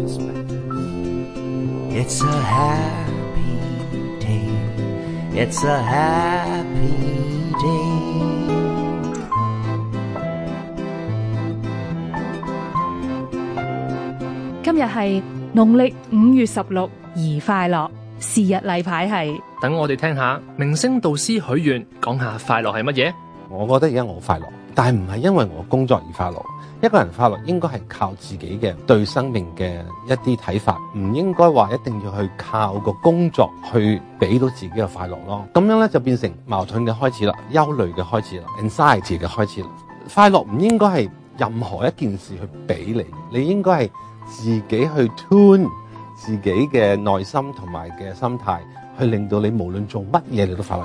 It's a happy day. It's a happy day. 今日係農曆五月十六，而快樂日禮是日例牌係等我哋聽下明星導師許願講下快樂係乜嘢。我覺得而家我快樂但係唔係，因為我工作而快樂，一個人快樂應該係靠自己嘅對生命嘅一啲睇法，唔應該話一定要去靠個工作去俾到自己嘅快樂咯。咁樣咧就變成矛盾嘅開始啦，憂慮嘅開始啦，anxiety 嘅開始啦。快樂唔應該係任何一件事去俾你，你應該係自己去 tune 自己嘅內心同埋嘅心態，去令到你無論做乜嘢你都快樂。